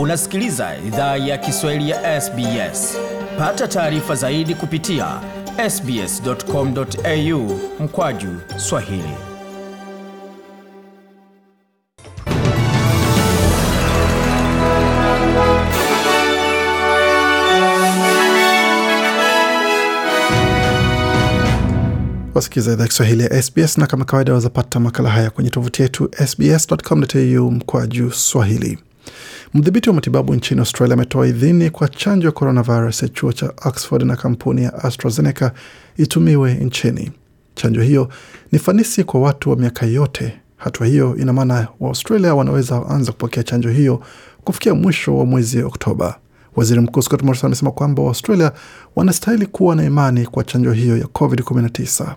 Unasikiliza idhaa ya Kiswahili ya SBS. Pata taarifa zaidi kupitia sbs.com.au mkwaju Swahili. Wasikiliza idhaa Kiswahili ya SBS na kama kawaida, wazapata makala haya kwenye tovuti yetu sbs.com.au mkwaju Swahili. Mdhibiti wa matibabu nchini Australia ametoa idhini kwa chanjo ya coronavirus ya chuo cha Oxford na kampuni ya AstraZeneca itumiwe nchini. Chanjo hiyo ni fanisi kwa watu wa miaka yote. Hatua hiyo ina maana Waaustralia wanaweza anza kupokea chanjo hiyo kufikia mwisho wa mwezi Oktoba. Waziri Mkuu Scott Morrison amesema kwamba Waaustralia wanastahili kuwa na imani kwa chanjo hiyo ya COVID-19.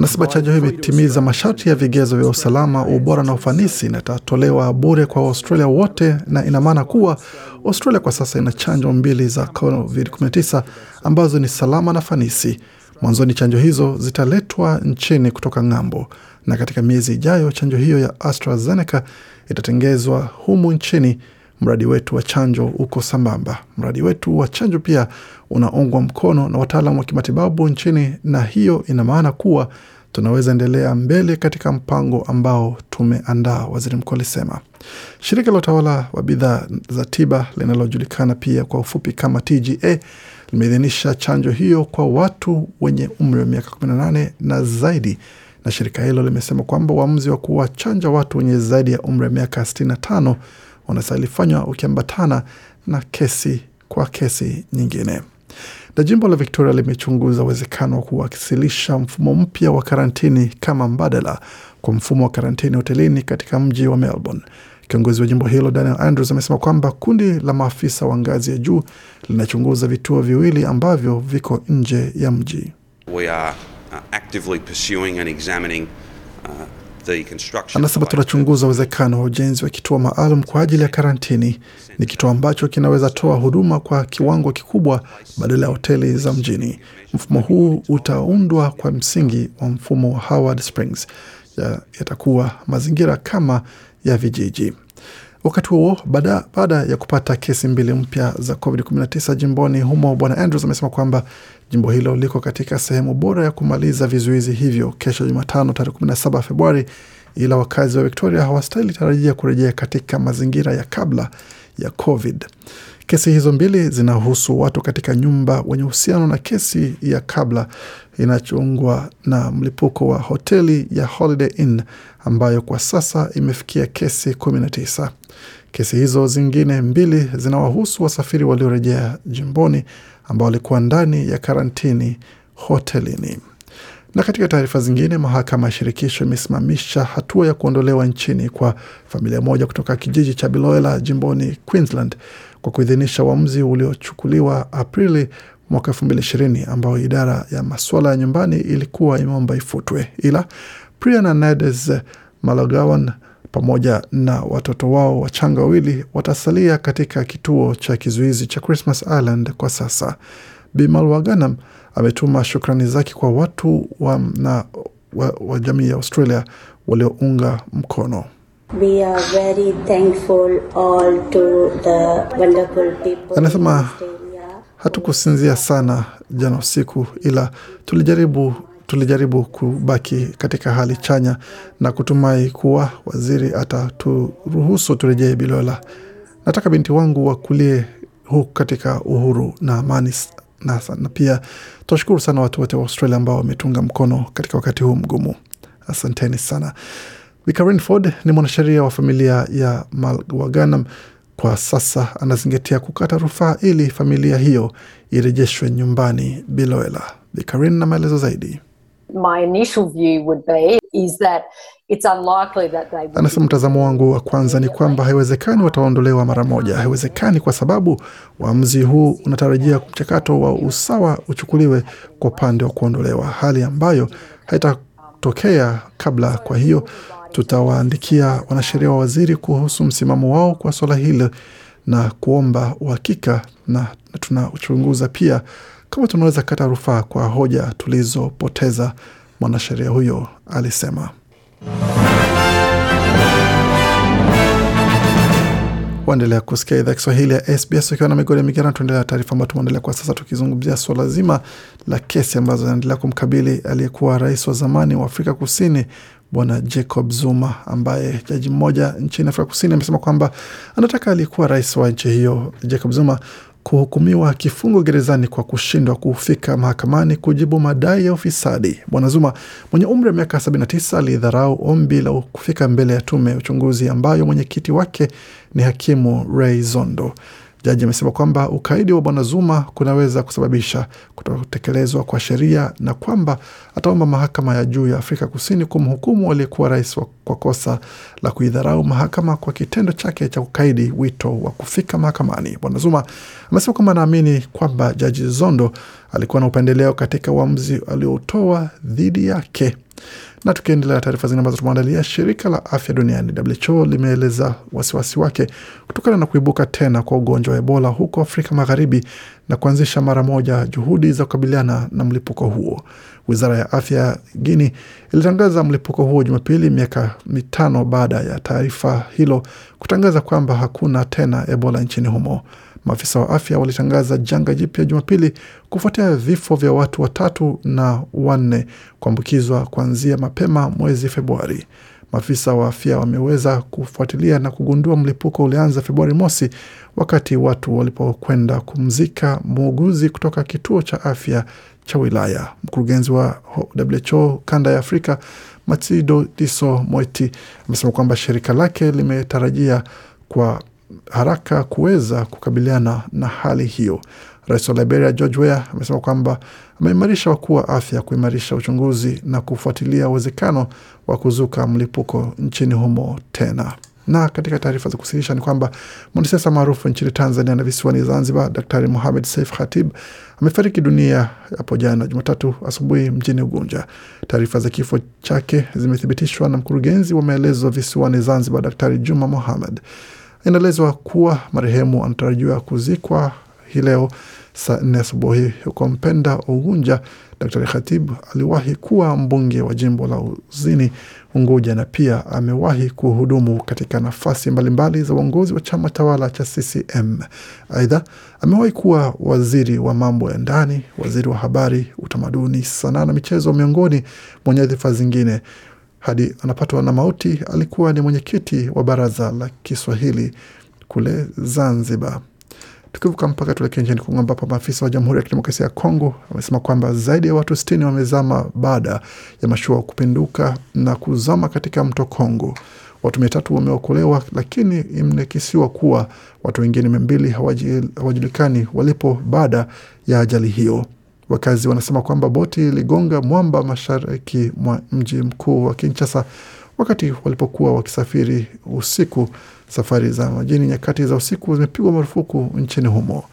Nasema chanjo hiyo imetimiza masharti ya vigezo vya usalama, ubora na ufanisi, na itatolewa bure kwa Waustralia wote, na ina maana kuwa Australia kwa sasa ina chanjo mbili za COVID-19 ambazo ni salama na fanisi. Mwanzoni chanjo hizo zitaletwa nchini kutoka ng'ambo, na katika miezi ijayo chanjo hiyo ya AstraZeneca itatengezwa humu nchini mradi wetu wa chanjo uko sambamba. Mradi wetu wa chanjo pia unaungwa mkono na wataalam wa kimatibabu nchini, na hiyo ina maana kuwa tunaweza endelea mbele katika mpango ambao tumeandaa, waziri mkuu alisema. Shirika la utawala wa bidhaa za tiba linalojulikana pia kwa ufupi kama TGA limeidhinisha chanjo hiyo kwa watu wenye umri wa miaka 18 na zaidi, na shirika hilo limesema kwamba uamuzi wa kuwachanja watu wenye zaidi ya umri wa miaka 65 wanastahili ilifanywa ukiambatana na kesi kwa kesi nyingine. Na jimbo la Victoria limechunguza uwezekano wa kuwasilisha mfumo mpya wa karantini kama mbadala kwa mfumo wa karantini hotelini katika mji wa Melbourne. Kiongozi wa jimbo hilo Daniel Andrews amesema kwamba kundi la maafisa wa ngazi ya juu linachunguza vituo viwili ambavyo viko nje ya mji. We are uh, Anasema tunachunguza uwezekano wa ujenzi wa kituo maalum kwa ajili ya karantini. Ni kituo ambacho kinaweza toa huduma kwa kiwango kikubwa badala ya hoteli za mjini. Mfumo huu utaundwa kwa msingi wa mfumo wa Howard Springs, yatakuwa ya mazingira kama ya vijiji. Wakati huo baada ya kupata kesi mbili mpya za COVID-19 jimboni humo, Bwana Andrews amesema kwamba jimbo hilo liko katika sehemu bora ya kumaliza vizuizi hivyo kesho Jumatano tarehe 17 Februari, ila wakazi wa Victoria hawastahili tarajia kurejea katika mazingira ya kabla ya COVID. Kesi hizo mbili zinahusu watu katika nyumba wenye uhusiano na kesi ya kabla inachungwa na mlipuko wa hoteli ya Holiday Inn ambayo kwa sasa imefikia kesi 19. Kesi hizo zingine mbili zinawahusu wasafiri waliorejea jimboni ambao walikuwa ndani ya karantini hotelini. Na katika taarifa zingine, mahakama ya shirikisho imesimamisha hatua ya kuondolewa nchini kwa familia moja kutoka kijiji cha Biloela jimboni Queensland kwa kuidhinisha uamuzi uliochukuliwa Aprili mwaka elfu mbili ishirini ambayo idara ya masuala ya nyumbani ilikuwa imeomba ifutwe, ila Priya na Nades Malagawan pamoja na watoto wao wachanga wawili watasalia katika kituo cha kizuizi cha Christmas Island kwa sasa. Bimal Waganam ametuma shukrani zake kwa watu wa, na, wa, wa jamii ya Australia waliounga mkono. Anasema hatukusinzia sana jana usiku, ila tulijaribu tulijaribu kubaki katika hali chanya na kutumai kuwa waziri ataturuhusu turejee Bilola. Nataka binti wangu wakulie huku katika uhuru na amani na, na pia tunashukuru sana watu wote wa Australia ambao wametunga mkono katika wakati huu mgumu. Asanteni sana. Vika Renford ni mwanasheria wa familia ya Malwaganam. Kwa sasa anazingatia kukata rufaa ili familia hiyo irejeshwe nyumbani Biloela. Vikarin na maelezo zaidi my initial view would be is that it's unlikely that they would... Anasema mtazamo wangu wa kwanza ni kwamba haiwezekani wataondolewa mara moja, haiwezekani kwa sababu uamuzi huu unatarajia mchakato wa usawa uchukuliwe kwa upande wa kuondolewa, hali ambayo haitatokea kabla. Kwa hiyo tutawaandikia wanasheria wa waziri kuhusu msimamo wao kwa suala hili na kuomba uhakika, na tunachunguza pia kama tunaweza kata rufaa kwa hoja tulizopoteza, mwanasheria huyo alisema. Waendelea kusikia idhaa Kiswahili ya SBS ukiwa na migodi ya migera. Tuendelea taarifa ambayo tumeendelea kwa sasa, tukizungumzia suala zima la kesi ambazo zinaendelea kumkabili aliyekuwa rais wa zamani wa Afrika Kusini Bwana Jacob Zuma, ambaye jaji mmoja nchini Afrika Kusini amesema kwamba anataka aliyekuwa rais wa nchi hiyo Jacob Zuma kuhukumiwa kifungo gerezani kwa kushindwa kufika mahakamani kujibu madai ya ufisadi. Bwana Zuma mwenye umri wa miaka 79 alidharau ombi la kufika mbele ya tume ya uchunguzi ambayo mwenyekiti wake ni hakimu Ray Zondo. Jaji amesema kwamba ukaidi wa bwana Zuma kunaweza kusababisha kutotekelezwa kwa sheria na kwamba ataomba mahakama ya juu ya Afrika Kusini kumhukumu aliyekuwa rais kwa kosa la kuidharau mahakama kwa kitendo chake cha kukaidi wito wa kufika mahakamani. Bwana Zuma amesema kwamba anaamini kwamba jaji Zondo alikuwa na upendeleo katika uamuzi aliotoa dhidi yake. Na tukiendelea taarifa zingine ambazo tumeandalia, shirika la afya duniani WHO limeeleza wasiwasi wake kutokana na kuibuka tena kwa ugonjwa wa Ebola huko Afrika Magharibi na kuanzisha mara moja juhudi za kukabiliana na mlipuko huo. Wizara ya afya Guini ilitangaza mlipuko huo Jumapili, miaka mitano baada ya taarifa hilo kutangaza kwamba hakuna tena Ebola nchini humo. Maafisa wa afya walitangaza janga jipya Jumapili kufuatia vifo vya watu watatu na wanne kuambukizwa kuanzia mapema mwezi Februari. Maafisa wa afya wameweza kufuatilia na kugundua mlipuko ulianza Februari mosi wakati watu walipokwenda kumzika muuguzi kutoka kituo cha afya cha wilaya. Mkurugenzi wa WHO kanda ya Afrika diso Moeti amesema kwamba shirika lake limetarajia kwa haraka kuweza kukabiliana na hali hiyo. Rais wa Liberia George Weah amesema kwamba ameimarisha wakuu wa afya kuimarisha uchunguzi na kufuatilia uwezekano wa kuzuka mlipuko nchini humo tena. Na katika taarifa za kusirisha ni kwamba mwanasiasa maarufu nchini Tanzania na visiwani Zanzibar, Daktari muhamed Saif Khatib amefariki dunia hapo jana Jumatatu asubuhi mjini Ugunja. Taarifa za kifo chake zimethibitishwa na mkurugenzi wa maelezo visiwani Zanzibar, Daktari Juma Muhamed. Inaelezwa kuwa marehemu anatarajiwa kuzikwa hii leo saa nne asubuhi huko Mpenda, ugunja dr Khatib aliwahi kuwa mbunge wa jimbo la Uzini Unguja na pia amewahi kuhudumu katika nafasi mbalimbali za uongozi wa chama tawala cha CCM. Aidha, amewahi kuwa waziri wa mambo ya ndani, waziri wa habari, utamaduni, sanaa na michezo, miongoni mwa nyadhifa zingine hadi anapatwa na mauti alikuwa ni mwenyekiti wa baraza la Kiswahili kule Zanzibar. Tukivuka mpaka tuelekee nchini Kongo ambapo maafisa wa Jamhuri ya Kidemokrasia ya Kongo wamesema kwamba zaidi ya watu sitini wamezama baada ya mashua kupinduka na kuzama katika mto Kongo. Watu mia tatu wameokolewa, lakini imnekisiwa kuwa watu wengine mia mbili hawajulikani walipo baada ya ajali hiyo. Wakazi wanasema kwamba boti iligonga mwamba mashariki mwa mji mkuu wa Kinshasa wakati walipokuwa wakisafiri usiku. Safari za majini nyakati za usiku zimepigwa marufuku nchini humo.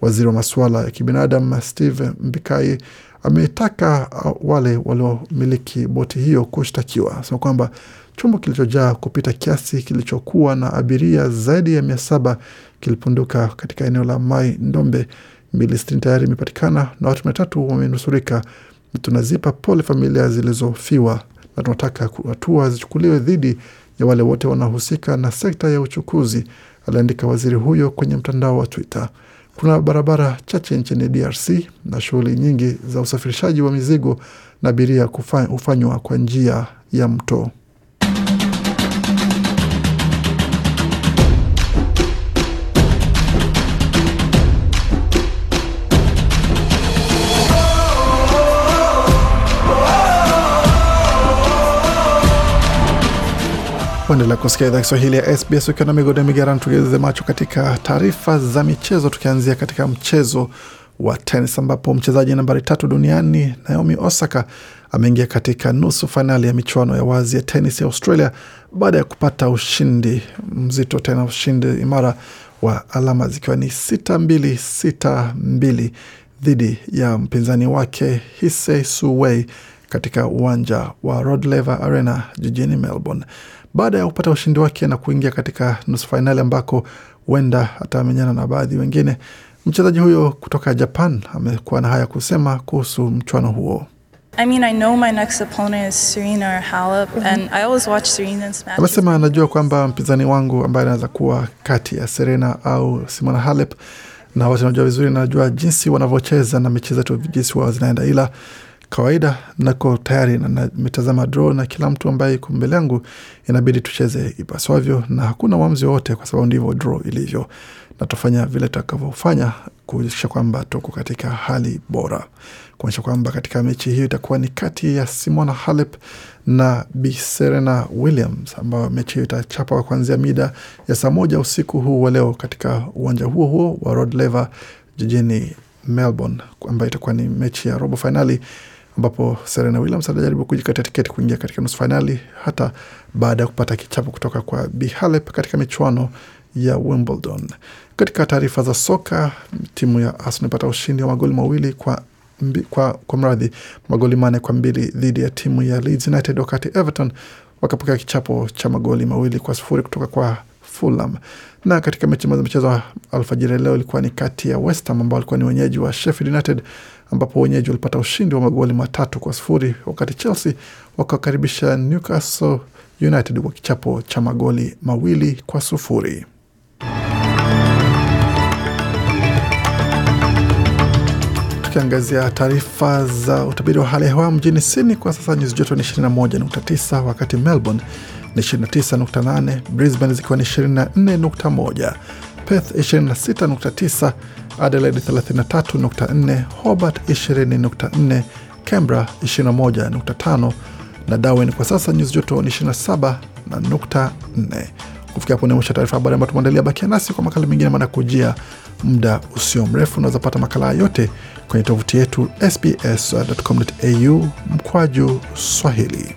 Waziri wa masuala ya kibinadamu Steve Mbikai ametaka uh, wale waliomiliki boti hiyo kushtakiwa, Anasema kwamba chombo kilichojaa kupita kiasi kilichokuwa na abiria zaidi ya mia saba kilipunduka katika eneo la Mai Ndombe mili sitini tayari imepatikana na watu mia tatu wamenusurika. Tunazipa pole familia zilizofiwa na tunataka hatua zichukuliwe dhidi ya wale wote wanaohusika na sekta ya uchukuzi, aliandika waziri huyo kwenye mtandao wa Twitter. Kuna barabara chache nchini DRC na shughuli nyingi za usafirishaji wa mizigo na abiria hufanywa kwa njia ya mto. Waendelea kusikia idhaa Kiswahili ya SBS ukiwa na migode migeran tugeze macho katika taarifa za michezo, tukianzia katika mchezo wa tenis ambapo mchezaji nambari tatu duniani Naomi Osaka ameingia katika nusu fainali ya michuano ya wazi ya tenis ya Australia baada ya kupata ushindi mzito, tena ushindi imara wa alama zikiwa ni sita mbili sita mbili dhidi ya mpinzani wake Hise Suwei katika uwanja wa Rod Laver Arena jijini Melbourne baada ya kupata ushindi wake na kuingia katika nusu fainali ambako huenda atamenyana na baadhi wengine. Mchezaji huyo kutoka Japan amekuwa na haya kusema kuhusu mchuano huo. Mhm. Amesema anajua kwamba mpinzani wangu ambaye anaweza kuwa kati ya Serena au Simona Halep, na wote anajua vizuri, najua jinsi wanavyocheza na mechi zetu jinsi wao zinaenda, ila kawaida nako tayari nametazama na, na kila mtu ambaye iko mbele yangu inabidi tucheze ipaswavyo, na hakuna uamzi wowote, kwa sababu ndivyo draw ilivyo, na tutafanya vile tutakavyofanya kuonyesha kwamba tuko katika hali bora, kuonyesha kwamba katika mechi hiyo itakuwa ni kati ya Simona Halep na biserena Williams, ambayo mechi hiyo itachapa kuanzia mida ya saa moja usiku huu wa leo katika uwanja huo huo wa Rod Laver jijini Melbourne, ambayo itakuwa ni mechi ya robo fainali ambapo Serena Williams alijaribu kujikatia tiketi kuingia katika nusu fainali hata baada ya kupata kichapo kutoka kwa Bi Halep katika michuano ya Wimbledon. Katika taarifa za soka, timu ya Arsenal imepata ushindi wa magoli mawili kwa mbi, kwa, kwa mradhi magoli manne kwa mbili dhidi ya timu ya Leeds United, wakati Everton wakapokea kichapo cha magoli mawili kwa sufuri kutoka kwa Fulham. Na katika mechi za michezo wa alfajiri leo ilikuwa ni kati ya West Ham ambao walikuwa ni wenyeji wa Sheffield United, ambapo wenyeji walipata ushindi wa magoli matatu kwa sifuri wakati Chelsea wakakaribisha Newcastle United kwa kichapo cha magoli mawili kwa sufuri. Tukiangazia taarifa za utabiri wa hali ya hewa mjini Sydney kwa sasa nyuzi joto ni 21.9, wakati Melbourne ni 29.8, Brisbane zikiwa ni 24.1, Perth 26.9, Adelaide 33.4, Hobart 20.4, Canberra 21.5 na Darwin. Kwa sasa nyuzi joto ni 27.4. Kufikia hapo ni mwisho taarifa habari ambayo tumeandalia. Bakia nasi kwa makala mengine manakujia muda usio mrefu. Unaweza pata makala yote kwenye tovuti yetu sbs.com.au mkwaju Swahili.